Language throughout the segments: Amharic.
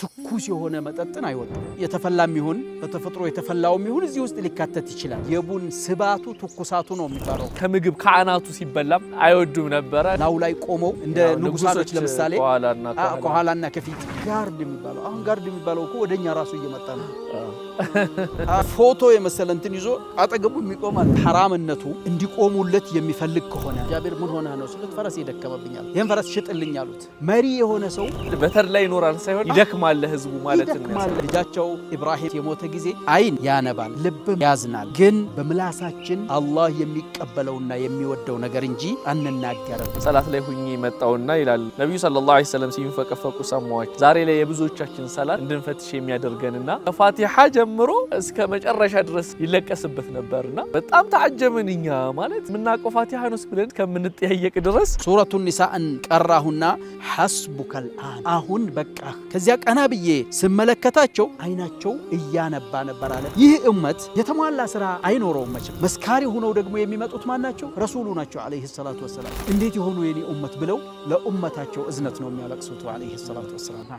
ትኩስ የሆነ መጠጥን አይወድም። የተፈላም ይሁን በተፈጥሮ የተፈላውም ይሁን እዚህ ውስጥ ሊካተት ይችላል። የቡን ስባቱ ትኩሳቱ ነው የሚባለው። ከምግብ ከአናቱ ሲበላም አይወዱም ነበረ። ላዩ ላይ ቆመው እንደ ንጉሳኖች ለምሳሌ ከኋላና ከፊት ጋርድ የሚባለው አሁን ጋርድ የሚባለው እኮ ወደኛ ራሱ እየመጣ ነው። ፎቶ የመሰለ እንትን ይዞ አጠገቡ የሚቆማል። ሐራምነቱ እንዲቆሙለት የሚፈልግ ከሆነ እግዚአብሔር ምን ሆነ ነው ስሉት፣ ፈረስ ይደከመብኛል፣ ይህን ፈረስ ሽጥልኝ አሉት። መሪ የሆነ ሰው በተር ላይ ይኖራል ሳይሆን ይደክማል ይደክማል ለህዝቡ ማለት ነው። ልጃቸው ኢብራሂም የሞተ ጊዜ አይን ያነባል፣ ልብም ያዝናል። ግን በምላሳችን አላህ የሚቀበለውና የሚወደው ነገር እንጂ አንናገርም። ሰላት ላይ ሁኜ መጣውና ይላል ነቢዩ ሰለላሁ ዐለይሂ ወሰለም ሲንፈቀፈቁ ሰማዋቸው። ዛሬ ላይ የብዙዎቻችን ሰላት እንድንፈትሽ የሚያደርገንና ከፋቲሓ ጀምሮ እስከ መጨረሻ ድረስ ይለቀስበት ነበርና በጣም ተዓጀብን። እኛ ማለት የምናውቀው ፋቲሓ ነው ብለን ከምንጠያየቅ ድረስ ሱረቱ ኒሳእን ቀራሁና ሐስቡከል አን አሁን በቃ ከዚያ ቀን ቀና ብዬ ስመለከታቸው አይናቸው እያነባ ነበር አለ። ይህ እመት የተሟላ ስራ አይኖረውም መቼም። መስካሪ ሆነው ደግሞ የሚመጡት ማን ናቸው? ረሱሉ ናቸው አለይሂ ሰላቱ ወሰላም። እንዴት የሆኑ የኔ እመት ብለው ለእመታቸው እዝነት ነው የሚያለቅሱት አለይሂ ሰላቱ ወሰላም።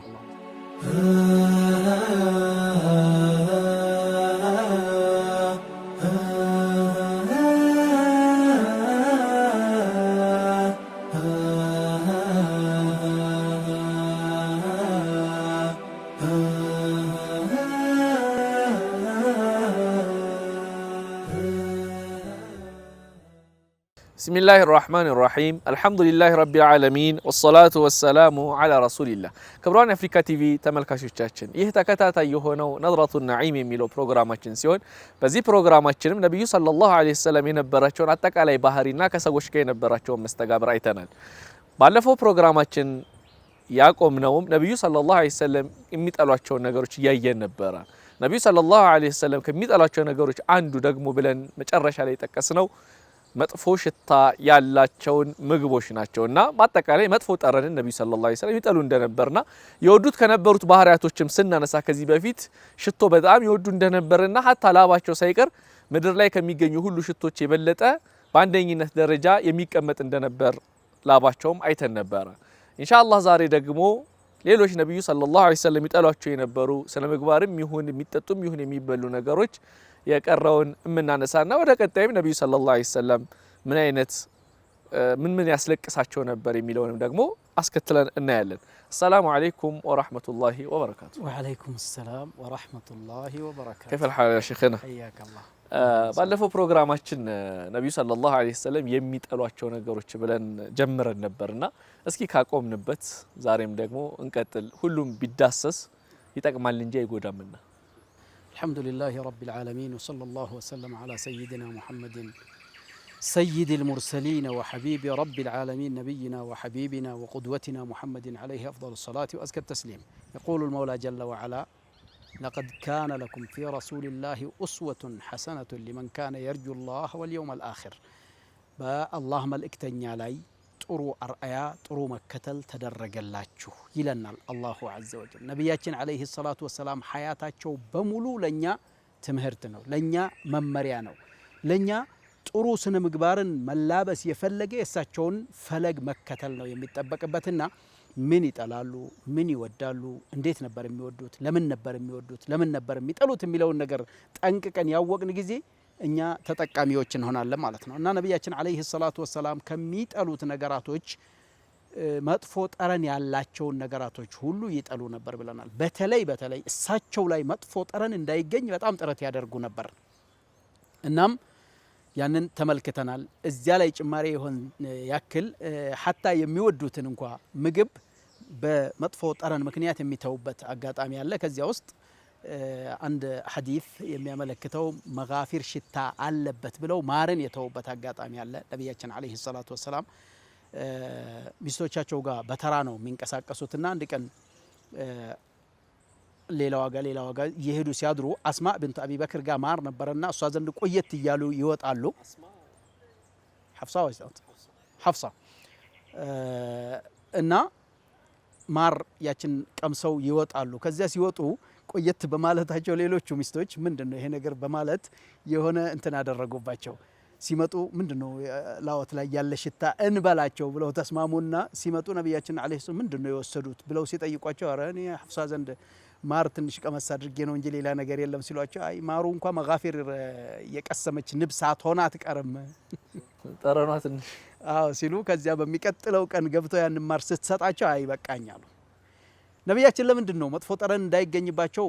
ብስሚላህ ራህማን ራሒም አልሐምዱሊላህ ረቢል ዓለሚን ወሰላቱ ወሰላሙ ዓላ ረሱሊላህ። ክቡራን የአፍሪካ ቲቪ ተመልካቾቻችን ይህ ተከታታይ የሆነው ነድረቱ ነዒም የሚለው ፕሮግራማችን ሲሆን በዚህ ፕሮግራማችንም ነቢዩ ሰለላሁ ዓለይሂ ወሰለም የነበራቸውን አጠቃላይ ባህሪና ከሰዎች ጋር የነበራቸውን መስተጋብር አይተናል። ባለፈው ፕሮግራማችን ያቆምነውም ነቢዩ ሰለላሁ ዓለይሂ ወሰለም የሚጠሏቸውን ነገሮች እያየን ነበረ። ነቢዩ ሰለላሁ ዓለይሂ ወሰለም ከሚጠሏቸው ነገሮች አንዱ ደግሞ ብለን መጨረሻ ላይ ጠቀስነው መጥፎ ሽታ ያላቸውን ምግቦች ናቸው እና በአጠቃላይ መጥፎ ጠረንን ነቢዩ ሰለላሁ ዐለይሂ ወሰለም ይጠሉ እንደነበርና የወዱት ከነበሩት ባህሪያቶችም ስናነሳ ከዚህ በፊት ሽቶ በጣም ይወዱ እንደነበርና ሀታ ላባቸው ሳይቀር ምድር ላይ ከሚገኙ ሁሉ ሽቶች የበለጠ በአንደኝነት ደረጃ የሚቀመጥ እንደነበር ላባቸውም አይተን ነበረ። ኢንሻአላህ ዛሬ ደግሞ ሌሎች ነቢዩ ሰለላሁ ዐለይሂ ወሰለም ይጠሏቸው የነበሩ ስነ ምግባርም ይሁን የሚጠጡም ይሁን የሚበሉ ነገሮች የቀረውን የምናነሳና ወደ ቀጣይም ነቢዩ ሰለላሁ ዐለይሂ ወሰለም ምን አይነት ምን ምን ያስለቅሳቸው ነበር የሚለውንም ደግሞ አስከትለን እናያለን። አሰላሙ አለይኩም ወራህመቱላሂ ወበረካቱ። ወአለይኩም ሰላም ወራህመቱላሂ ወበረካቱ። ከይፈል ሐል ያ ሼኽና? ባለፈው ፕሮግራማችን ነቢዩ ሰለላሁ ዐለይሂ ወሰለም የሚጠሏቸው ነገሮች ብለን ጀምረን ነበርና እስኪ ካቆምንበት ዛሬም ደግሞ እንቀጥል። ሁሉም ቢዳሰስ ይጠቅማል እንጂ አይጎዳምና። አልሐምዱሊላሂ ረቢል ዓለሚን ወሰለላሁ ወሰለም ዓላ ሰይድና ሙሐመድን سيد المرسلين وحبيب رب العالمين نبينا وحبيبنا وقدوتنا محمد عليه افضل الصلاه وازكى التسليم يقول المولى جل وعلا لقد كان لكم في رسول الله اسوه حسنه لمن كان يرجو الله واليوم الاخر በአላህ መልእክተኛ ላይ ጥሩ አርአያ ጥሩ መከተል ተደረገላችሁ ይለናል አላሁ الله عز وجل አለይሂ عليه الصلاه والسلام በሙሉ بملو ትምህርት ነው፣ ለእኛ መመሪያ ነው፣ ለእኛ ጥሩ ስነ ምግባርን መላበስ የፈለገ የእሳቸውን ፈለግ መከተል ነው የሚጠበቅበትና ምን ይጠላሉ፣ ምን ይወዳሉ፣ እንዴት ነበር የሚወዱት፣ ለምን ነበር የሚወዱት፣ ለምን ነበር የሚጠሉት የሚለውን ነገር ጠንቅቀን ያወቅን ጊዜ እኛ ተጠቃሚዎች እንሆናለን ማለት ነው እና ነቢያችን አለይሂ ሰላቱ ወሰላም ከሚጠሉት ነገራቶች መጥፎ ጠረን ያላቸውን ነገራቶች ሁሉ ይጠሉ ነበር ብለናል። በተለይ በተለይ እሳቸው ላይ መጥፎ ጠረን እንዳይገኝ በጣም ጥረት ያደርጉ ነበር። እናም ያንን ተመልክተናል። እዚያ ላይ ጭማሪ የሆን ያክል ሀታ የሚወዱትን እንኳ ምግብ በመጥፎ ጠረን ምክንያት የሚተውበት አጋጣሚ አለ። ከዚያ ውስጥ አንድ ሐዲስ የሚያመለክተው መጋፊር ሽታ አለበት ብለው ማርን የተውበት አጋጣሚ አለ። ነቢያችን ዓለይሂ ሰላቱ ወሰላም ሚስቶቻቸው ጋር በተራ ነው የሚንቀሳቀሱትና አንድ ቀን ሌላ ዋጋ ሌላ ዋጋ እየሄዱ ሲያድሩ አስማ ብንት አቢ በክር ጋር ማር ነበረና እሷ ዘንድ ቆየት እያሉ ይወጣሉ። ሐፍሳ ሐፍሳ እና ማር ያችን ቀምሰው ይወጣሉ። ከዚያ ሲወጡ ቆየት በማለታቸው ሌሎቹ ሚስቶች ምንድን ነው ይሄ ነገር በማለት የሆነ እንትን አደረጉባቸው። ሲመጡ ምንድን ነው ላወት ላይ ያለ ሽታ እንበላቸው ብለው ተስማሙና ሲመጡ ነቢያችን አለይሂ ሰላም ምንድን ነው የወሰዱት ብለው ሲጠይቋቸው ኧረ እኔ ሐፍሳ ዘንድ ማር ትንሽ ቀመስ አድርጌ ነው እንጂ ሌላ ነገር የለም ሲሏቸው፣ አይ ማሩ እንኳ መጋፊር የቀሰመች ንብስ አትሆና አትቀርም ጠረኗ ትንሽ አዎ ሲሉ፣ ከዚያ በሚቀጥለው ቀን ገብተው ያን ማር ስትሰጣቸው አይ በቃኝ አሉ። ነቢያችን ለምንድን ነው መጥፎ ጠረን እንዳይገኝባቸው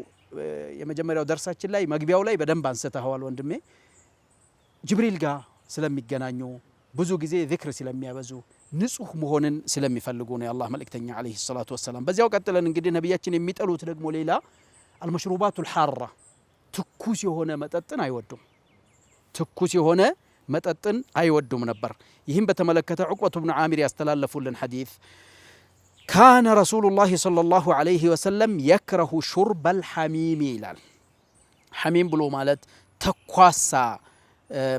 የመጀመሪያው ደርሳችን ላይ መግቢያው ላይ በደንብ አንስተኸዋል ወንድሜ። ጅብሪል ጋር ስለሚገናኙ ብዙ ጊዜ ዚክር ስለሚያበዙ ንጹህ መሆንን ስለሚፈልጉ ነው የአላህ መልእክተኛ ዓለይሂ ሰላቱ ወሰላም። በዚያው ቀጥለን እንግዲህ ነቢያችን የሚጠሉት ደግሞ ሌላ አልመሽሩባቱል ሐራ ትኩስ የሆነ መጠጥን አይወዱም። ትኩስ የሆነ መጠጥን አይወዱም ነበር። ይህም በተመለከተ ዑቅበቱ ብኑ ዓሚር ያስተላለፉልን ሐዲስ ካነ ረሱሉላሂ ሰለላሁ ዓለይሂ ወሰለም የክረሁ ሹርበል ሐሚሚ ይላል። ሐሚም ብሎ ማለት ተኳሳ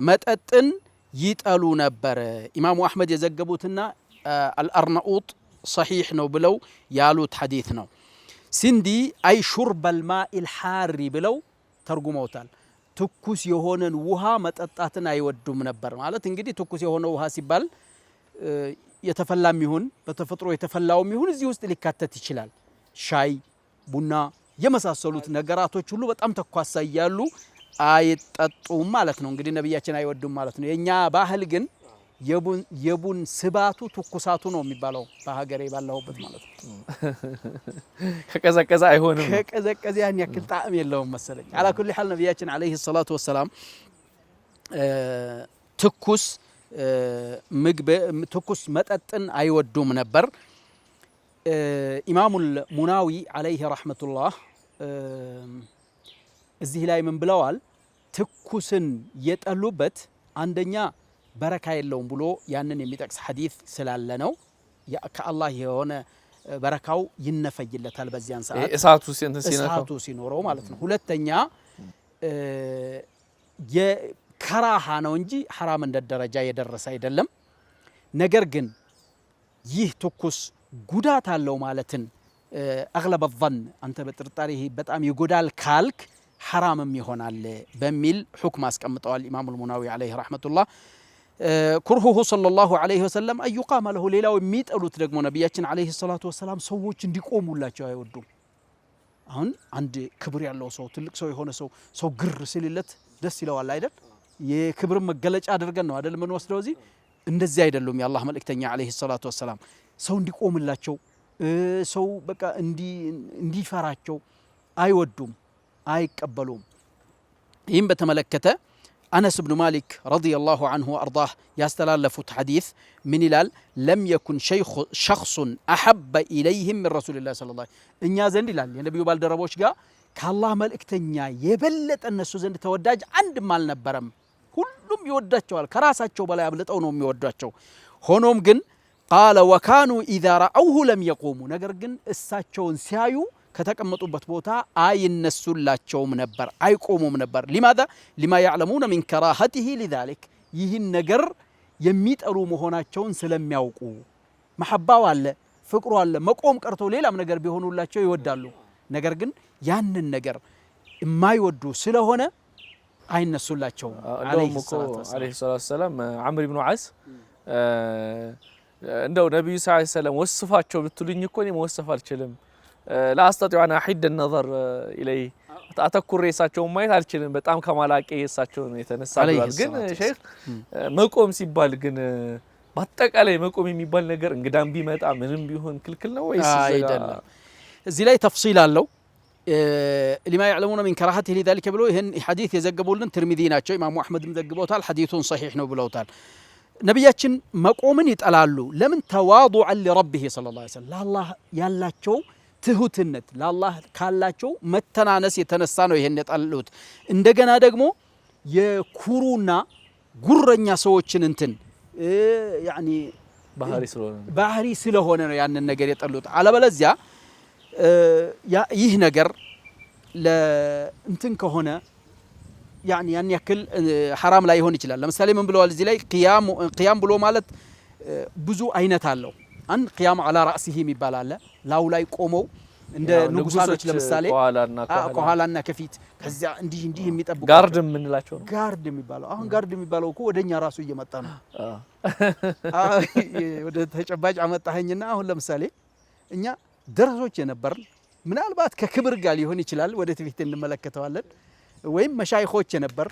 መጠጥን ይጠሉ ነበር። ኢማሙ አሕመድ የዘገቡትና አልአርናኡጥ ሰሒሕ ነው ብለው ያሉት ሐዲት ነው። ሲንዲ አይ ሹርበል ማኢል ሓሪ ብለው ተርጉመውታል። ትኩስ የሆነን ውሃ መጠጣትን አይወዱም ነበር ማለት እንግዲህ ትኩስ የሆነ ውሃ ሲባል የተፈላም ይሁን በተፈጥሮ የተፈላውም ይሁን እዚህ ውስጥ ሊካተት ይችላል። ሻይ፣ ቡና የመሳሰሉት ነገራቶች ሁሉ በጣም ተኳሳ እያሉ አይጠጡም ማለት ነው። እንግዲህ ነቢያችን አይወዱም ማለት ነው። የእኛ ባህል ግን የቡን ስባቱ ትኩሳቱ ነው የሚባለው በሀገሬ ባለሁበት ማለት ነው። ከቀዘቀዘ አይሆንም። ከቀዘቀዘ ያን ያክል ጣዕም የለውም መሰለኝ። አላኩል ሐል ነቢያችን አለይሂ ሰላቱ ወሰላም ትኩስ ምግብ ትኩስ መጠጥን አይወዱም ነበር። ኢማሙል ሙናዊ አለይሂ ረሕመቱላህ እዚህ ላይ ምን ብለዋል? ትኩስን የጠሉበት አንደኛ በረካ የለውም ብሎ ያንን የሚጠቅስ ሐዲስ ስላለ ነው። ከአላህ የሆነ በረካው ይነፈይለታል በዚያን ሰዓት እሳቱ ሲኖረው ማለት ነው። ሁለተኛ ከራሃ ነው እንጂ ሐራም እንደ ደረጃ የደረሰ አይደለም። ነገር ግን ይህ ትኩስ ጉዳት አለው ማለትን አግለበ ظን አንተ በጥርጣሬ በጣም ይጎዳል ካልክ ሐራምም ይሆናል በሚል ሑክም አስቀምጠዋል። ኢማሙ ልሙናዊ ዓለይህ ረሕመቱላህ ኩርሁሁ ሰለላሁ ዓለይህ ወሰለም አዩቃመ ለሁ። ሌላው የሚጠሉት ደግሞ ነቢያችን ዓለይህ ሰላቱ ወሰላም ሰዎች እንዲቆሙላቸው አይወዱም። አሁን አንድ ክብር ያለው ሰው ትልቅ ሰው የሆነ ሰው ሰው ግር ሲልለት ደስ ይለዋል አይደል? የክብርን መገለጫ አድርገን ነው አይደል የምንወስደው። እዚህ እንደዚህ አይደሉም። የአላህ መልእክተኛ ዓለይህ ሰላቱ ወሰላም ሰው እንዲቆምላቸው ሰው በቃ እንዲፈራቸው አይወዱም። አይቀበሉም። ይህም በተመለከተ አነስ ብኑ ማሊክ ረዲየላሁ አንሁ አርዳህ ያስተላለፉት ሐዲስ ምን ይላል? ለም የኩን ሸኽሱን አሐበ ኢለይህም ምን ረሱልላህ ሰለላሁ እኛ ዘንድ ይላል የነቢዩ ባልደረቦች ጋር ከአላህ መልእክተኛ የበለጠ እነሱ ዘንድ ተወዳጅ አንድም አልነበረም። ሁሉም ይወዳቸዋል፣ ከራሳቸው በላይ አብልጠው ነው የሚወዷቸው። ሆኖም ግን ቃለ ወካኑ ኢዛ ረአውሁ ለም የቆሙ ነገር ግን እሳቸውን ሲያዩ ከተቀመጡበት ቦታ አይነሱላቸውም ነበር፣ አይቆሙም ነበር። ሊማዛ ሊማ ያዕለሙነ ሚን ከራሀቲሂ ሊዛሊክ ይህን ነገር የሚጠሉ መሆናቸውን ስለሚያውቁ መሐባው አለ፣ ፍቅሩ አለ። መቆም ቀርቶ ሌላም ነገር ቢሆኑላቸው ይወዳሉ። ነገር ግን ያንን ነገር የማይወዱ ስለሆነ አይነሱላቸውም። እንደውም ዓለይሂ ሰላቱ ወሰላም ዓምር ብኑ ዓስ እንደው ነቢዩ ሰለም ወስፋቸው ብትሉኝ እኮ እኔ መወሰፍ አልችልም ለአስተጢዋና አና ሂድ ነዘር ኢለይ አተኩሬ እሳቸውን ማየት አልችልም። በጣም ከማላቄ እሳቸውን የተነሳ ብሏል። ግን ሼክ መቆም ሲባል ግን በአጠቃላይ መቆም የሚባል ነገር እንግዳም ቢመጣ ምንም ቢሆን ክልክል ነው ወይስ አይደለም? እዚህ ላይ ተፍሲል አለው። ሊማ ያዕለሙነ ሚን ከራሀቲህ ሊዛሊከ ብሎ ይህን ሐዲስ የዘገቡልን ትርሚዚ ናቸው። ኢማሙ አሕመድም ዘግበውታል። ሐዲሱን ሰሒሕ ነው ብለውታል። ነቢያችን መቆምን ይጠላሉ። ለምን? ተዋዱዐን ሊረቢህ ሰለላሁ ዐለይሂ ወሰለም ለአላህ ያላቸው ትሁትነት ለአላህ ካላቸው መተናነስ የተነሳ ነው ይሄን የጠሉት እንደገና ደግሞ የኩሩና ጉረኛ ሰዎችን እንትን ባህሪ ስለሆነ ነው ያንን ነገር የጠሉት። አለበለዚያ ይህ ነገር እንትን ከሆነ ያን ያክል ሐራም ላይ ይሆን ይችላል። ለምሳሌ ምን ብለዋል እዚህ ላይ ቅያም ብሎ ማለት ብዙ አይነት አለው። አንድ ቅያም አላ ራእሲህ የሚባል አለ። ላዩ ላይ ቆመው እንደ ንጉሳኖች ለምሳሌ ከኋላና ከፊት ከዚያ እንዲህ እንዲህ የሚጠብቁ ጋርድ የምንላቸው ነው። ጋርድ የሚባለው አሁን ጋርድ የሚባለው እኮ ወደኛ ራሱ እየመጣ ነው። ወደ ተጨባጭ አመጣኸኝና አሁን ለምሳሌ እኛ ደረሶች የነበርን ምናልባት ከክብር ጋር ሊሆን ይችላል፣ ወደ ትፊት እንመለከተዋለን። ወይም መሻይኾች የነበር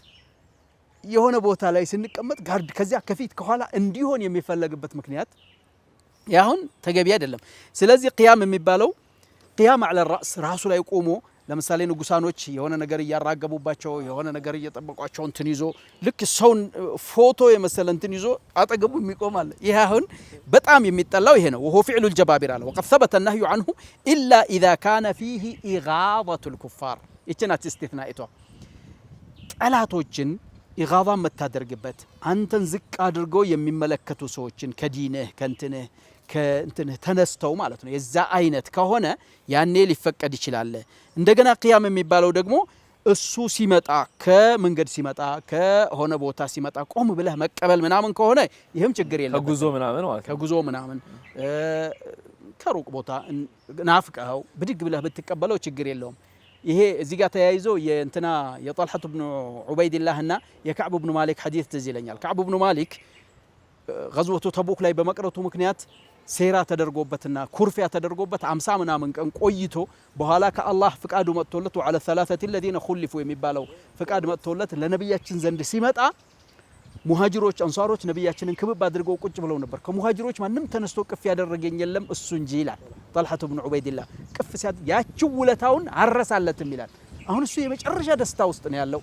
የሆነ ቦታ ላይ ስንቀመጥ ጋርድ ከዚያ ከፊት ከኋላ እንዲሆን የሚፈለግበት ምክንያት ያሁን ተገቢ አይደለም። ስለዚህ ቅያም የሚባለው ቅያም አለ ራስ ራሱ ላይ ቆሞ ለምሳሌ ንጉሳኖች የሆነ ነገር እያራገቡባቸው የሆነ ነገር እየጠበቋቸው እንትን ይዞ ልክ ሰውን ፎቶ የመሰለ እንትን ይዞ አጠገቡ የሚቆም አለ። ይህ አሁን በጣም የሚጠላው ይሄ ነው። ወሆ ፊዕሉ ልጀባቢር አለ ወቀድ ሰበተ ናህዩ አንሁ ኢላ ኢዛ ካነ ፊህ ኢጋዘቱ ልኩፋር ይችናት እስቴትናኢቷ ጠላቶችን ኢጋዛ የምታደርግበት አንተን ዝቅ አድርገው የሚመለከቱ ሰዎችን ከዲንህ ከንትንህ ከእንትን ተነስተው ማለት ነው። የዛ አይነት ከሆነ ያኔ ሊፈቀድ ይችላል። እንደገና ቅያም የሚባለው ደግሞ እሱ ሲመጣ ከመንገድ ሲመጣ ከሆነ ቦታ ሲመጣ ቆም ብለህ መቀበል ምናምን ከሆነ ይህም ችግር የለም። ከጉዞ ምናምን ከጉዞ ምናምን ከሩቅ ቦታ ናፍቀኸው ብድግ ብለህ ብትቀበለው ችግር የለውም። ይሄ እዚህ ጋር ተያይዞ የእንትና የጣልሐት ብኑ ዑበይድላህና የካዕብ ብኑ ማሊክ ሐዲት ትዝ ይለኛል። ካዕብ ብኑ ማሊክ ገዝወቱ ተቡክ ላይ በመቅረቱ ምክንያት ሴራ ተደርጎበትና ኩርፊያ ተደርጎበት አምሳ ምናምን ቀን ቆይቶ በኋላ ከአላህ ፍቃዱ መጥቶለት ወዐለ ሰላሰቲ ለዚነ ኩሊፉ የሚባለው ፍቃድ መጥቶለት ለነቢያችን ዘንድ ሲመጣ ሙሃጅሮች፣ አንሷሮች ነቢያችንን ክብብ አድርገው ቁጭ ብለው ነበር። ከሙሃጅሮች ማንም ተነስቶ ቅፍ ያደረገኝ የለም እሱ እንጂ ይላል ጣልሐቱ ብን ዑበይድላ። ቅፍ ያችው ውለታውን አረሳለትም ይላል። አሁን እሱ የመጨረሻ ደስታ ውስጥ ነው ያለው።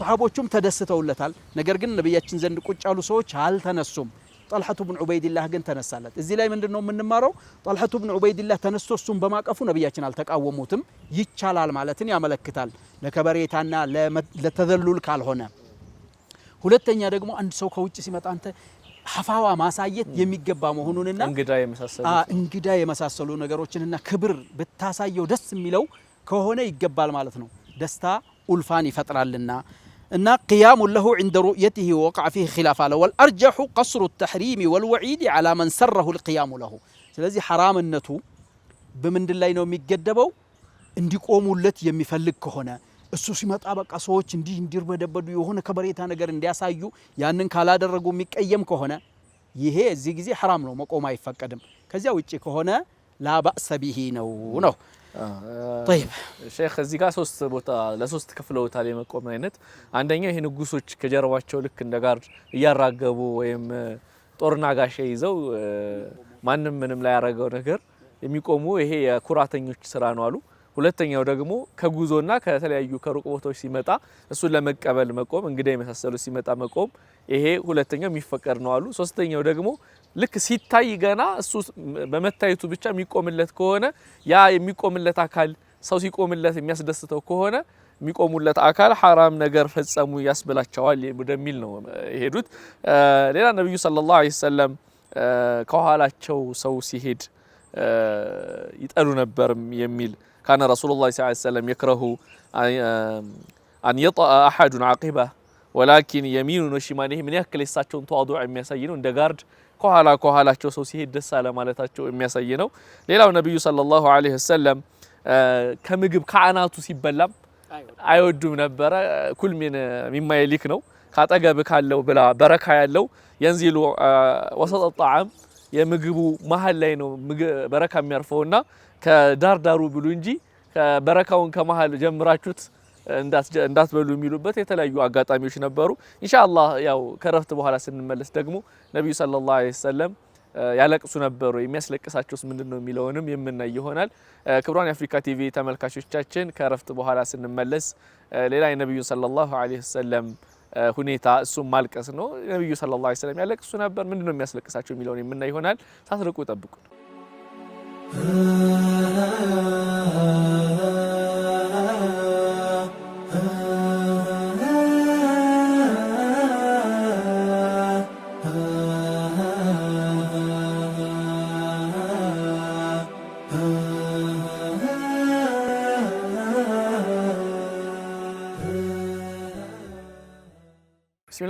ሰሓቦቹም ተደስተውለታል። ነገር ግን ነቢያችን ዘንድ ቁጭ ያሉ ሰዎች አልተነሱም። ጠልሐቱ ብን ዑበይድላህ ግን ተነሳለት። እዚህ ላይ ምንድን ነው የምንማረው? ጠልሐቱ ብን ዑበይድላህ ተነስቶ እሱን በማቀፉ ነቢያችን አልተቃወሙትም። ይቻላል ማለትን ያመለክታል፣ ለከበሬታና ለተዘሉል ካልሆነ። ሁለተኛ ደግሞ አንድ ሰው ከውጭ ሲመጣ አንተ ሀፋዋ ማሳየት የሚገባ መሆኑንና እንግዳ የመሳሰሉ ነገሮችንና ክብር ብታሳየው ደስ የሚለው ከሆነ ይገባል ማለት ነው። ደስታ ኡልፋን ይፈጥራልና እና ቅያሙ ለሁ ዕንደ ሩእየትህ ወቃዕ ፊህ ኪላፍ አለ። ወልአርጀሑ ቀስሩ ተሕሪሚ ወልወዒድ ዓላ መን ሰረሁ ልቅያሙ ለሁ። ስለዚህ ሐራምነቱ በምንድን ላይ ነው የሚገደበው? እንዲቆሙለት የሚፈልግ ከሆነ እሱ ሲመጣ በቃ ሰዎች እንዲህ እንዲርበደበዱ የሆነ ከበሬታ ነገር እንዲያሳዩ ያንን ካላደረጉ የሚቀየም ከሆነ ይሄ እዚህ ጊዜ ሐራም ነው፣ መቆም አይፈቀድም። ከዚያ ውጭ ከሆነ ላባእሰ ቢሂ ነው ነው ሼክ እዚህ ጋር ሶስት ቦታ ለሶስት ክፍለውታል የመቆም አይነት። አንደኛው ይሄ ንጉሶች ከጀርባቸው ልክ እንደ ጋርድ እያራገቡ ወይም ጦርና ጋሻ ይዘው ማንም ምንም ላይ ያረገው ነገር የሚቆሙ ይሄ የኩራተኞች ስራ ነው አሉ። ሁለተኛው ደግሞ ከጉዞና ከተለያዩ ከሩቅ ቦታዎች ሲመጣ እሱን ለመቀበል መቆም፣ እንግዳ የመሳሰሉ ሲመጣ መቆም፣ ይሄ ሁለተኛው የሚፈቀድ ነው አሉ። ሶስተኛው ደግሞ ልክ ሲታይ ገና እሱ በመታየቱ ብቻ የሚቆምለት ከሆነ ያ የሚቆምለት አካል ሰው ሲቆምለት የሚያስደስተው ከሆነ የሚቆሙለት አካል ሐራም ነገር ፈጸሙ ያስብላቸዋል ወደሚል ነው የሄዱት። ሌላ ነቢዩ ሰለላሁ ዐለይሂ ወሰለም ከኋላቸው ሰው ሲሄድ ይጠሉ ነበር የሚል ካነ ረሱሉ ላ ሰለም የክረሁ አን የጠአ አሐዱን አቂባ ወላኪን የሚኑን ወሽማን። ይህ ምን ያክል የሳቸውን ተዋዱዕ የሚያሳይ ነው እንደ ጋርድ ከኋላ ከኋላቸው ሰው ሲሄድ ደስ አለ ማለታቸው የሚያሳይ ነው። ሌላው ነቢዩ ሰለላሁ ዐለይሂ ወሰለም ከምግብ ከአናቱ ሲበላም አይወዱም ነበረ። ኩል ሚማ ነው ካጠገብ ካለው ብላ በረካ ያለው የንዚሉ ወሰጠ ጣዓም የምግቡ መሀል ላይ ነው በረካ የሚያርፈውና ከዳርዳሩ ብሉ እንጂ በረካውን ከመሀል ጀምራችሁት እንዳትበሉ የሚሉበት የተለያዩ አጋጣሚዎች ነበሩ። ኢንሻአላህ ያው ከረፍት በኋላ ስንመለስ ደግሞ ነቢዩ ሰለላሁ ዐለይሂ ወሰለም ያለቅሱ ነበሩ። የሚያስለቅሳቸውስ ምንድን ነው የሚለውንም የምናይ ይሆናል። ክብሯን የአፍሪካ ቲቪ ተመልካቾቻችን ከረፍት በኋላ ስንመለስ ሌላ የነቢዩን ሰለላሁ ዐለይሂ ወሰለም ሁኔታ እሱም ማልቀስ ነው። ነቢዩ ሰለላሁ ዐለይሂ ወሰለም ያለቅሱ ነበር። ምንድን ነው የሚያስለቅሳቸው የሚለውን የምናይ ይሆናል። ሳትርቁ ጠብቁን።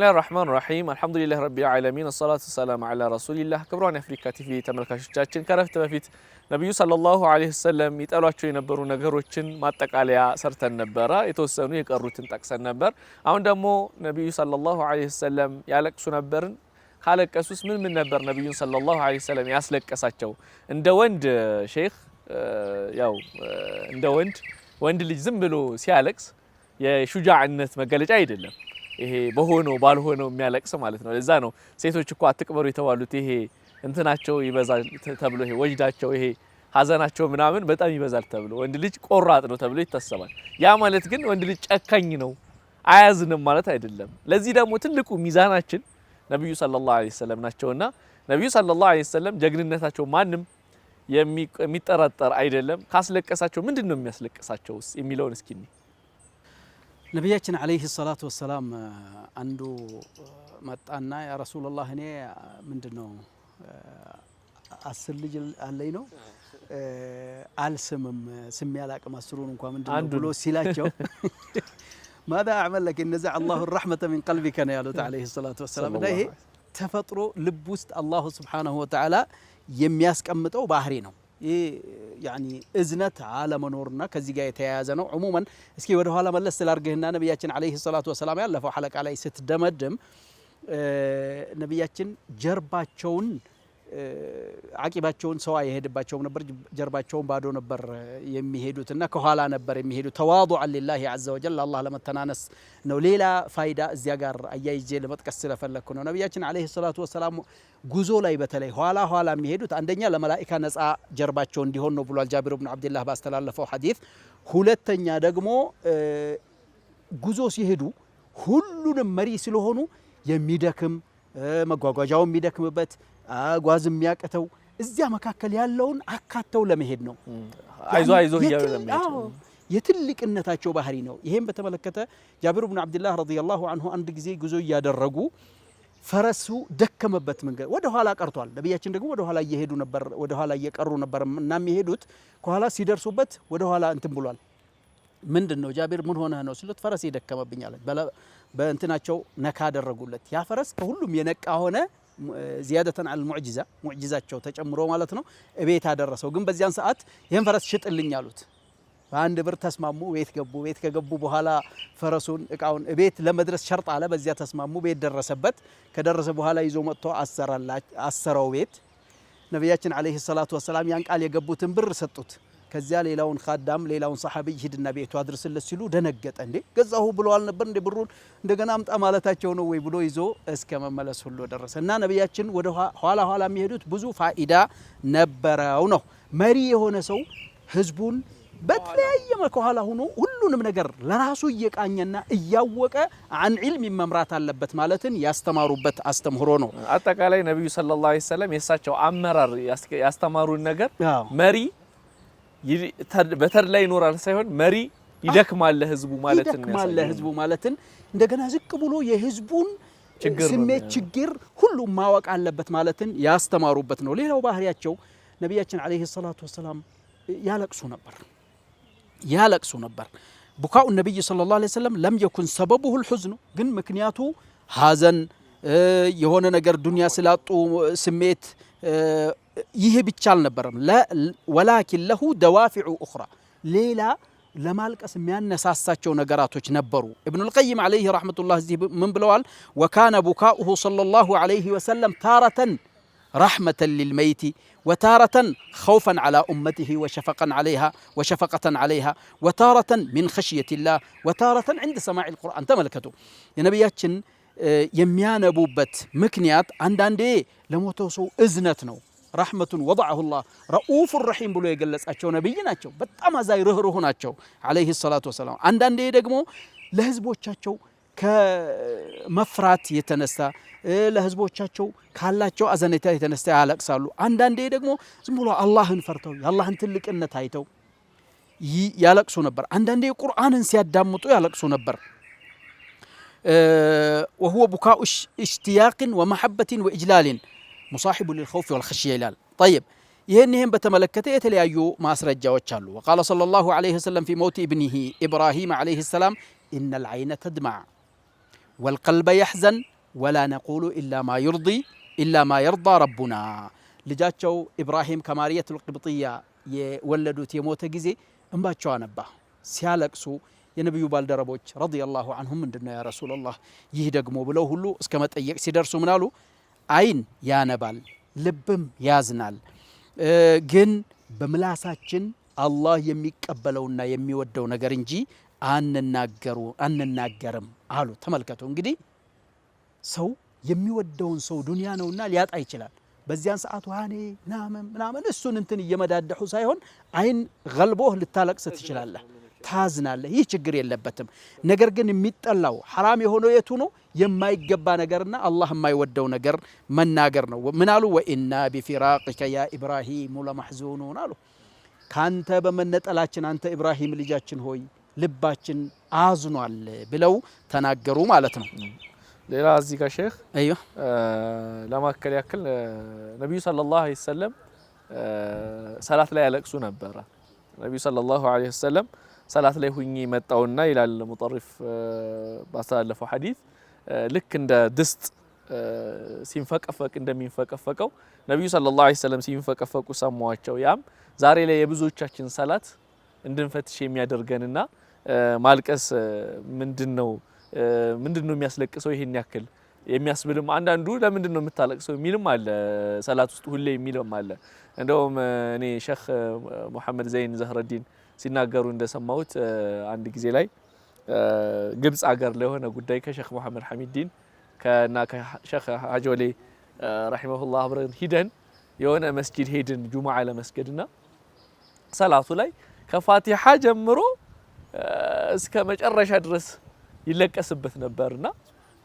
ብስሚላህ ራህማን ራሒም አልሐምዱሊላህ ረቢል ዓለሚን አሰላቱ ሰላም አላ ረሱሊላህ። ክብሯን የአፍሪካ ቲቪ ተመልካቾቻችን ከረፍት በፊት ነቢዩ ሰለላሁ ዓለይሂ ወሰለም ይጠሏቸው የነበሩ ነገሮችን ማጠቃለያ ሰርተን ነበረ። የተወሰኑ የቀሩትን ጠቅሰን ነበር። አሁን ደግሞ ነቢዩ ሰለላሁ ዓለይሂ ወሰለም ያለቅሱ ነበርን? ካለቀሱስ ምን ምን ነበር ነቢዩን ሰለላሁ ዓለይሂ ወሰለም ያስለቀሳቸው? እንደ ወንድ ሼክ ያው እንደ ወንድ ወንድ ልጅ ዝም ብሎ ሲያለቅስ የሹጃዕነት መገለጫ አይደለም። ይሄ በሆነው ባልሆነው የሚያለቅስ ማለት ነው። ለዛ ነው ሴቶች እኮ አትቅበሩ የተባሉት። ይሄ እንትናቸው ይበዛል ተብሎ ይሄ ወጅዳቸው ይሄ ሀዘናቸው ምናምን በጣም ይበዛል ተብሎ ወንድ ልጅ ቆራጥ ነው ተብሎ ይታሰባል። ያ ማለት ግን ወንድ ልጅ ጨካኝ ነው አያዝንም ማለት አይደለም። ለዚህ ደግሞ ትልቁ ሚዛናችን ነቢዩ ሰለላሁ ዐለይሂ ወሰለም ናቸውና ነቢዩ ሰለላሁ ዐለይሂ ወሰለም ጀግንነታቸው ማንም የሚጠረጠር አይደለም። ካስለቀሳቸው ምንድን ነው የሚያስለቀሳቸውስ የሚለውን እስኪኒ ነቢያችን አለይህ ሰላቱ ወሰላም አንዱ መጣና ያ ረሱላላህ እኔ ምንድን ነው አስር ልጅ አለኝ ነው አልስምም ስሜ አላቅም አስሩን እንኳ ምንድን ብሎ ሲላቸው ማዳ አዕመለክ እነዚ አላሁ ራሕመተ ሚን ቀልቢከ ነው ያሉት አለይህ ሰላቱ ወሰላም። እና ይሄ ተፈጥሮ ልብ ውስጥ አላሁ ስብሓነሁ ወተዓላ የሚያስቀምጠው ባህሪ ነው። ይህ እዝነት አለመኖርና ከዚህ ጋር የተያያዘ ነው። ዑሙመን እስኪ ወደ ኋላ መለስ ስላርግህና ነቢያችን ዓለይሂ ሰላቱ ወሰላም ያለፈው ሐለቃ ላይ ስትደመድም ነቢያችን ጀርባቸውን አቂባቸውን ሰው አይሄድባቸውም ነበር። ጀርባቸውን ባዶ ነበር የሚሄዱት እና ከኋላ ነበር የሚሄዱት። ተዋዱዐን ሊላሂ ዐዘ ወጀል አላህ ለመተናነስ ነው። ሌላ ፋይዳ እዚያ ጋር አያይዤ ለመጥቀስ ስለፈለግኩ ነው። ነቢያችን ዓለይሂ ሰላቱ ወሰላም ጉዞ ላይ በተለይ ኋላ ኋላ የሚሄዱት አንደኛ ለመላኢካ ነጻ ጀርባቸው እንዲሆን ነው ብሏል ጃቢር ብኑ አብድላህ ባስተላለፈው ሐዲስ። ሁለተኛ ደግሞ ጉዞ ሲሄዱ ሁሉንም መሪ ስለሆኑ የሚደክም መጓጓዣው የሚደክምበት ጓዝ የሚያቅተው እዚያ መካከል ያለውን አካተው ለመሄድ ነው። አይዞ አይዞ ለመሄድ የትልቅነታቸው ባህሪ ነው። ይሄን በተመለከተ ጃብር ብን አብድላህ ረዲየላሁ አንሁ አንድ ጊዜ ጉዞ እያደረጉ ፈረሱ ደከመበት መንገድ ወደ ኋላ ቀርቷል። ነቢያችን ደግሞ ወደ ኋላ እየሄዱ ነበር፣ ወደ ኋላ እየቀሩ ነበር እና የሚሄዱት ከኋላ ሲደርሱበት ወደ ኋላ እንትን ብሏል። ምንድን ነው ጃቢር ምን ሆነህ ነው ሲሉት ፈረስ የደከመብኝ አለ። በእንትናቸው ነካ አደረጉለት። ያ ፈረስ ከሁሉም የነቃ ሆነ። ዚያደተን አል ሙዕጂዛ ሙዕጂዛቸው ተጨምሮ ማለት ነው። እቤት አደረሰው። ግን በዚያን ሰዓት ይህን ፈረስ ሽጥልኝ አሉት። በአንድ ብር ተስማሙ። ቤት ገቡ። ቤት ከገቡ በኋላ ፈረሱን እቃውን ቤት ለመድረስ ሸርጥ አለ። በዚያ ተስማሙ። ቤት ደረሰበት። ከደረሰ በኋላ ይዞ መጥቶ አሰረው። ቤት ነቢያችን አለይሂ ሰላቱ ወሰላም ያን ቃል የገቡትን ብር ሰጡት። ከዚያ ሌላውን ካዳም ሌላውን ሰሐቢ ሂድና ቤቱ አድርስለት ሲሉ ደነገጠ። እንዴ ገዛሁ ብለዋል ነበር እንዴ ብሩን እንደገና አምጣ ማለታቸው ነው ወይ ብሎ ይዞ እስከ መመለስ ሁሉ ደረሰ። እና ነቢያችን ወደ ኋላ ኋላ የሚሄዱት ብዙ ፋኢዳ ነበረው ነው። መሪ የሆነ ሰው ህዝቡን በተለያየ ከኋላ ሆኖ ሁሉንም ነገር ለራሱ እየቃኘና እያወቀ አን ዒልም መምራት አለበት ማለትን ያስተማሩበት አስተምህሮ ነው። አጠቃላይ ነቢዩ ሰለላሁ ዐለይሂ ወሰለም የእሳቸው አመራር ያስተማሩን ነገር መሪ ላይ ይኖራል ሳይሆን መሪ ይደክማል ለህዝቡ ማለትን ይደክማል ህዝቡ ማለትን እንደገና ዝቅ ብሎ የህዝቡን ስሜት ችግር ሁሉም ማወቅ አለበት ማለትን ያስተማሩበት ነው። ሌላው ባህሪያቸው ነቢያችን አለይሂ ሰላቱ ወሰላም ያለቅሱ ነበር ያለቅሱ ነበር። ቡካኡ ነቢይ ሰለላሁ ዐለይሂ ወሰለም ለም የኩን ሰበቡሁ ልሑዝኑ ግን ምክንያቱ ሀዘን የሆነ ነገር ዱንያ ስላጡ ስሜት ይሄ ብቻ አልነበረም። ወላኪን ለሁ ደዋፊዑ ኡኽራ ሌላ ለማልቀስ የሚያነሳሳቸው ነገራቶች ነበሩ። እብኑል ቀይም ዓለይህ ረሕመቱላህ እዚህ ምን ብለዋል? ወካነ ቡካኡሁ ሰለላሁ ዓለይህ ወሰለም ታረተን ረሕመተን ሊልመይቲ ወታረተን ኸውፈን ዓላ ኡመቲህ ወሸፈቀተን ዓለይሃ ወታረተን ሚን ኸሽየቲላህ ወታረተን ዕንድ ሰማዒል ቁርአን። ተመልከቱ የነቢያችን የሚያነቡበት ምክንያት አንዳንዴ ለሞተው ሰው እዝነት ነው። ረሕመቱን ወضዐሁላህ ረኡፍ ረሒም ብሎ የገለጻቸው ነቢይ ናቸው። በጣም አዛይ ርህሩህ ናቸው ዓለይሂ ሰላቱ ወሰላም። አንዳንዴ ደግሞ ለህዝቦቻቸው ከመፍራት የተነሳ ለህዝቦቻቸው ካላቸው አዘኔታ የተነሳ ያለቅሳሉ። አንዳንዴ ደግሞ ዝም ብሎ አላህን ፈርተው የአላህን ትልቅነት አይተው ያለቅሱ ነበር። አንዳንዴ ቁርአንን ሲያዳምጡ ያለቅሱ ነበር። ወሁወ ቡካኡ እሽትያቅን ወመሐበትን ወእጅላልን مصاحب للخوف والخشية لال طيب يهنهم بتملكته يتلايو ما أسرج وقال صلى الله عليه وسلم في موت ابنه إبراهيم عليه السلام إن العين تدمع والقلب يحزن ولا نقول إلا ما يرضي إلا ما يرضى ربنا لجاتشو إبراهيم كمارية القبطية يولدوا تيموت جزي أم باتشو أنبا سيالك سو ينبيو بالدربوش رضي الله عنهم من دنيا رسول الله يهدق مو بلوه اللو اسكمت أيك سيدرسو منالو አይን ያነባል፣ ልብም ያዝናል። ግን በምላሳችን አላህ የሚቀበለውና የሚወደው ነገር እንጂ አንናገሩ አንናገርም አሉ። ተመልከቱ እንግዲህ ሰው የሚወደውን ሰው ዱንያ ነውና ሊያጣ ይችላል። በዚያን ሰዓት ዋኔ ምናምን ምናምን እሱን እንትን እየመዳደሑ ሳይሆን አይን ገልቦህ ልታለቅስ ትችላለህ። ታዝናለህ። ይህ ችግር የለበትም። ነገር ግን የሚጠላው ሐራም የሆነው የቱ ነው? የማይገባ ነገርና አላህ የማይወደው ነገር መናገር ነው። ምናሉ ወኢና ቢፊራቅከ ያ ኢብራሂሙ ለማሕዙኑን አሉ። ካንተ በመነጠላችን አንተ ኢብራሂም ልጃችን ሆይ ልባችን አዝኗል ብለው ተናገሩ ማለት ነው። ሌላ እዚህ ጋር ሼህ ለማከል ያክል ነቢዩ ሰለላሁ ዐለይሂ ወሰለም ሰላት ላይ ያለቅሱ ነበረ። ነቢዩ ሰለላሁ ዐለይሂ ወሰለም ሰላት ላይ ሁኜ መጣውና ይላል ሙጠሪፍ ባስተላለፈው ሐዲስ ልክ እንደ ድስት ሲንፈቀፈቅ እንደሚንፈቀፈቀው ነቢዩ ሰለላሁ ዐለይሂ ወሰለም ሲንፈቀፈቁ ሰማዋቸው። ያም ዛሬ ላይ የብዙዎቻችን ሰላት እንድንፈትሽ የሚያደርገንና ማልቀስ ምንድን ነው ምንድን ነው የሚያስለቅሰው ይሄን ያክል የሚያስብልም አንዳንዱ ለምንድን ነው የምታለቅሰው የሚልም አለ። ሰላት ውስጥ ሁሌ የሚልም አለ። እንደውም እኔ ሼክ ሙሐመድ ዘይን ዘህረዲን ሲናገሩ እንደሰማሁት አንድ ጊዜ ላይ ግብጽ ሀገር ለሆነ ጉዳይ ከሸክ መሐመድ ሐሚድዲን ከና ከሸክ ሀጆሌ ረሂመሁላህ አብረን ሂደን የሆነ መስጂድ ሄድን ጁሙዓ ለመስገድና ሰላቱ ላይ ከፋቲሓ ጀምሮ እስከ መጨረሻ ድረስ ይለቀስበት ነበርና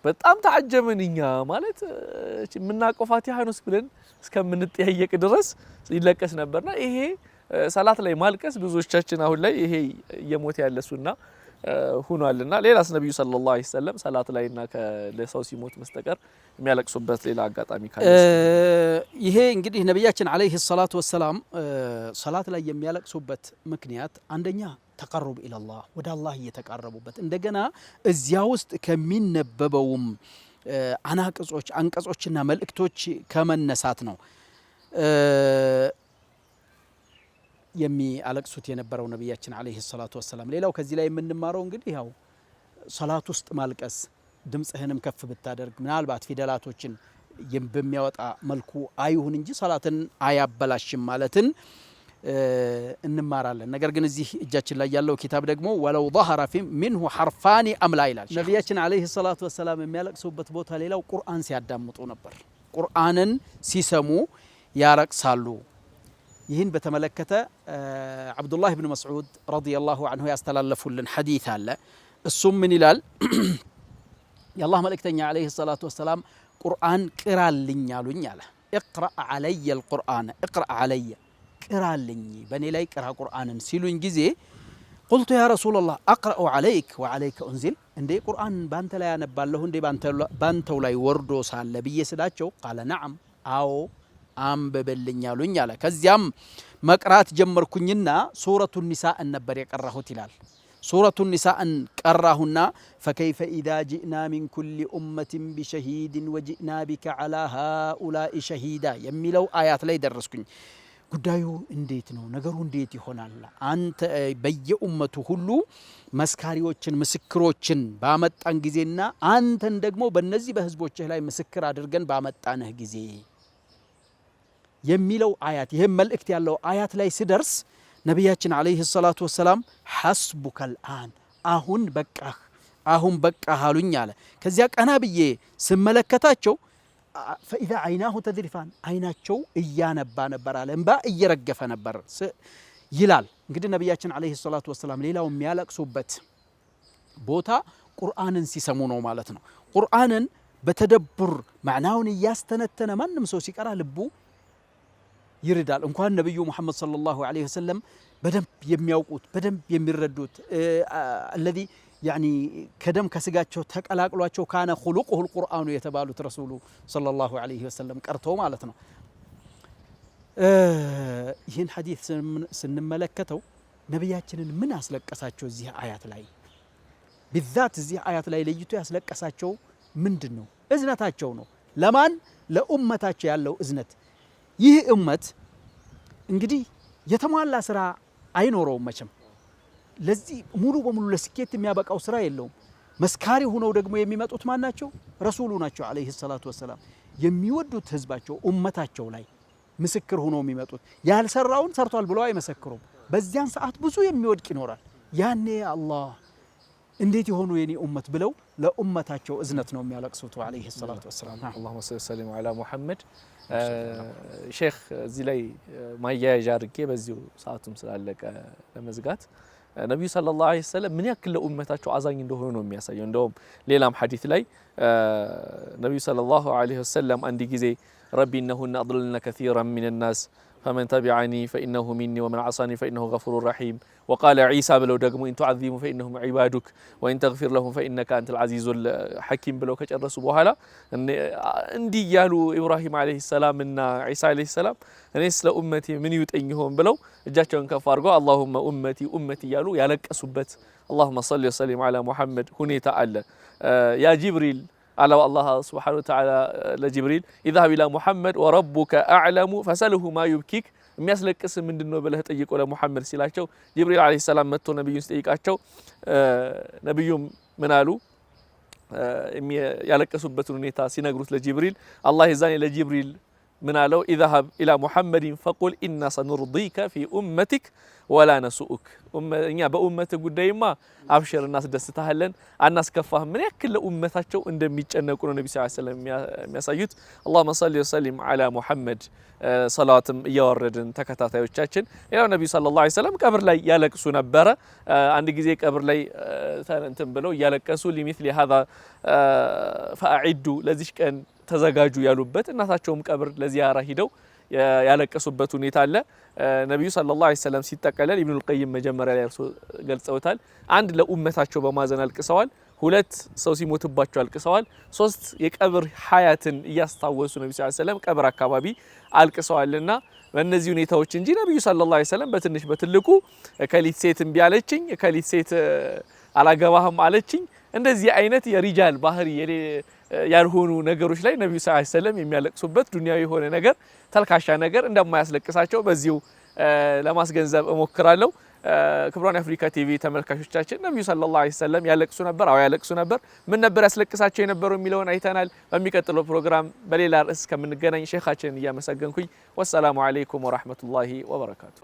በጣም ተዓጀምን እኛ ማለት የምናውቀው ፋቲሃ ነው ብለን እስከምንጠያየቅ ድረስ ይለቀስ ነበርና ይሄ ሰላት ላይ ማልቀስ ብዙዎቻችን አሁን ላይ ይሄ እየሞተ ያለ ሱና ሁኗልና ሌላስ ነብዩ ሰለላሁ ዐለይሂ ወሰለም ሰላት ላይና ለሰው ሲሞት መስተቀር የሚያለቅሱበት ሌላ አጋጣሚ ካለ ይሄ እንግዲህ ነብያችን ዐለይሂ ሰላቱ ወሰላም ሰላት ላይ የሚያለቅሱበት ምክንያት አንደኛ ተቀሩብ ኢለላህ ወደ አላህ እየተቃረቡበት እንደገና እዚያ ውስጥ ከሚነበበውም አናቅጾች አንቀጾችና መልእክቶች ከመነሳት ነው። የሚያለቅሱት የነበረው ነቢያችን አለይሂ ሰላቱ ወሰላም። ሌላው ከዚህ ላይ የምንማረው እንግዲህ ያው ሰላት ውስጥ ማልቀስ፣ ድምፅህንም ከፍ ብታደርግ ምናልባት ፊደላቶችን በሚያወጣ መልኩ አይሁን እንጂ ሰላትን አያበላሽም ማለትን እንማራለን። ነገር ግን እዚህ እጃችን ላይ ያለው ኪታብ ደግሞ ወለው ظهر منه حرفان አምላ ይላል። ነቢያችን አለይሂ ሰላቱ ወሰላም የሚያለቅሱበት ቦታ ሌላው ቁርአን ሲያዳምጡ ነበር። ቁርአንን ሲሰሙ ያረቅሳሉ። ይህን በተመለከተ አብዱላህ ብን መስዑድ ረዲየላሁ አንሁ ያስተላለፉልን ሐዲት አለ። እሱም ምን ይላል? የአላህ መልእክተኛ ዓለይሂ ሰላቱ ወሰላም ቁርአን ቅራልኝ አሉኝ አለ። እቅረእ ዓለየ ልቁርአን እቅረእ ዓለየ ቅራልኝ፣ በእኔ ላይ ቅራ ቁርአንን ሲሉኝ ጊዜ ቁልቱ ያ ረሱላላህ አቅረኡ ዓለይክ ወዓለይከ ኡንዚል፣ እንዴ ቁርአን ባንተ ላይ ያነባለሁ እንዴ ባንተው ላይ ወርዶ ሳለ ብዬ ስላቸው ቃለ ነዓም አዎ አንብብልኝ አሉኝ አለ። ከዚያም መቅራት ጀመርኩኝና ሱረቱ ኒሳእን ነበር የቀራሁት ይላል። ሱረቱ ኒሳእን ቀራሁና ፈከይፈ ኢዛ ጅእና ሚን ኩሊ ኡመትን ቢሸሂድን ወጅእና ቢከ ዓላ ሃኡላኢ ሸሂዳ የሚለው አያት ላይ ደረስኩኝ። ጉዳዩ እንዴት ነው? ነገሩ እንዴት ይሆናል? አንተ በየኡመቱ ሁሉ መስካሪዎችን፣ ምስክሮችን ባመጣን ጊዜና አንተን ደግሞ በእነዚህ በህዝቦችህ ላይ ምስክር አድርገን ባመጣንህ ጊዜ የሚለው አያት ይህም መልእክት ያለው አያት ላይ ሲደርስ ነቢያችን አለይህ ሰላቱ ወሰላም ሐስቡከል አን አሁን በቃህ አሁን በቃህ አሉኝ አለ። ከዚያ ቀና ብዬ ስመለከታቸው ፈኢዛ አይናሁ ተዝሪፋን አይናቸው እያነባ ነበር አለ። እንባ እየረገፈ ነበር ይላል። እንግዲህ ነቢያችን አለይህ ሰላቱ ወሰላም ሌላው የሚያለቅሱበት ቦታ ቁርአንን ሲሰሙ ነው ማለት ነው። ቁርአንን በተደቡር ማዕናውን እያስተነተነ ማንም ሰው ሲቀራ ልቡ ይርዳል። እንኳን ነቢዩ ሙሐመድ ሰለላሁ ዐለይሂ ወሰለም በደንብ የሚያውቁት በደንብ የሚረዱት አለዚ ያኒ ከደም ከስጋቸው ተቀላቅሏቸው ካነ ሁሉቁሁ ቁርአኑ የተባሉት ረሱሉ ሰለላሁ ዐለይሂ ወሰለም ቀርተው ማለት ነው። ይህን ሐዲት ስንመለከተው ነቢያችንን ምን አስለቀሳቸው? እዚህ አያት ላይ ቢዛት እዚህ አያት ላይ ለይቶ ያስለቀሳቸው ምንድን ነው? እዝነታቸው ነው። ለማን? ለኡመታቸው ያለው እዝነት ይህ እመት እንግዲህ የተሟላ ስራ አይኖረውም መቼም። ለዚህ ሙሉ በሙሉ ለስኬት የሚያበቃው ስራ የለውም። መስካሪ ሆነው ደግሞ የሚመጡት ማን ናቸው? ረሱሉ ናቸው አለይሂ ሰላቱ ወሰላም። የሚወዱት ህዝባቸው እመታቸው ላይ ምስክር ሆነው የሚመጡት ያልሰራውን ሰርቷል ብለው አይመሰክሩም። በዚያን ሰዓት ብዙ የሚወድቅ ይኖራል። ያኔ አላህ እንዴት የሆኑ የኔ ኡመት ብለው ለኡመታቸው እዝነት ነው የሚያለቅሱት። አለይሂ ሰላቱ ወሰላም አላሁመ ሰሊ ወሰለም ዐላ ሙሐመድ። ሼክ እዚህ ላይ ማያያዣ አድርጌ በዚሁ ሰዓቱም ስላለቀ ለመዝጋት ነቢዩ ሰለላሁ ዐለይሂ ወሰለም ምን ያክል ለኡመታቸው አዛኝ እንደሆኑ ነው የሚያሳየው። እንደውም ሌላም ሐዲት ላይ ነቢዩ ሰለላሁ ዐለይሂ ወሰለም አንድ ጊዜ ረቢ እነሁነ አድለልነ ከሲራን ሚነናስ فمن تبعني فإنه مني ومن عصاني فإنه غفور رحيم وقال عيسى بلو دقمو إن تعذيم فإنهم عبادك وإن تغفر لهم فإنك أنت العزيز الحكيم بلو كجر سبوها لا يالو إبراهيم عليه السلام ان عيسى عليه السلام نيس لأمتي من يتأنيهم بلو جاتشون كفارقو اللهم أمتي أمتي يالو يالك أسبت اللهم صلي وسلم على محمد هني تعالى آه، يا جبريل አለው አላህ ስብሓነሁ ወተዓላ ለጅብሪል ኢዝሀብ ኢላ ሙሐመድ ወረቡከ አዕለሙ ፈሰልሁ ማ ዩብኪክ የሚያስለቅስ ምንድን ነው ብለህ ጠይቆ ለሙሐመድ ሲላቸው ጅብሪል ዓለይሂ ሰላም መጥቶ ነቢዩን ሲጠይቃቸው ነቢዩም ምን አሉ ያለቀሱበትን ሁኔታ ሲነግሩት ለጅብሪል አላህ የዛኔ ለጅብሪል ምን አለው ኢዝሀብ ኢላ ሙሐመድን ፈቁል ኢና ሰኑርዲከ ፊ ኡመቲክ ወላ ነሱኡክ እኛ በኡመት ጉዳይማ አብሽር እናስደስታለን፣ አናስከፋህም። ምን ያክል ለኡመታቸው እንደሚጨነቁ ነው ነቢ ሰለላሁ ዐለይሂ የሚያሳዩት። አላሁመ ሰሊ ወሰሊም አላ ሙሐመድ ሰላዋትም እያወረድን ተከታታዮቻችን። ያው ነቢ ሰለላሁ ዐለይሂ ወሰለም ቀብር ላይ ያለቅሱ ነበረ። አንድ ጊዜ ቀብር ላይ እንትን ብለው እያለቀሱ ሊሚስሊ ሀዛ ፈአዒዱ ለዚች ቀን ተዘጋጁ ያሉበት እናታቸውም ቀብር ለዚያራ ሂደው ያለቀሱበት ሁኔታ አለ። ነቢዩ ሰለላሁ ዐለይሂ ወሰለም ሲጠቀለል ኢብኑል ቀይም መጀመሪያ ላይ ገልጸውታል። አንድ ለኡመታቸው በማዘን አልቅሰዋል። ሁለት ሰው ሲሞትባቸው አልቅሰዋል። ሶስት የቀብር ሀያትን እያስታወሱ ነቢ ስ ሰለም ቀብር አካባቢ አልቅሰዋልና በእነዚህ ሁኔታዎች እንጂ ነቢዩ ሰለላሁ ዐለይሂ ወሰለም በትንሽ በትልቁ ከሊት ሴት እምቢ አለችኝ፣ እከሊት ሴት አላገባህም አለችኝ እንደዚህ አይነት የሪጃል ባህሪ ያልሆኑ ነገሮች ላይ ነቢዩ ስ ሰለም የሚያለቅሱበት ዱኒያዊ የሆነ ነገር ተልካሻ ነገር እንደማያስለቅሳቸው በዚሁ ለማስገንዘብ እሞክራለሁ። ክብሯን የአፍሪካ ቲቪ ተመልካቾቻችን ነቢዩ ሰለላሁ ዐለይሂ ወሰለም ያለቅሱ ነበር? አዎ ያለቅሱ ነበር። ምን ነበር ያስለቅሳቸው የነበረው የሚለውን አይተናል። በሚቀጥለው ፕሮግራም በሌላ ርዕስ ከምንገናኝ ሼኻችንን እያመሰገንኩኝ ወሰላሙ ዐለይኩም ወረሕመቱላሂ ወበረካቱ።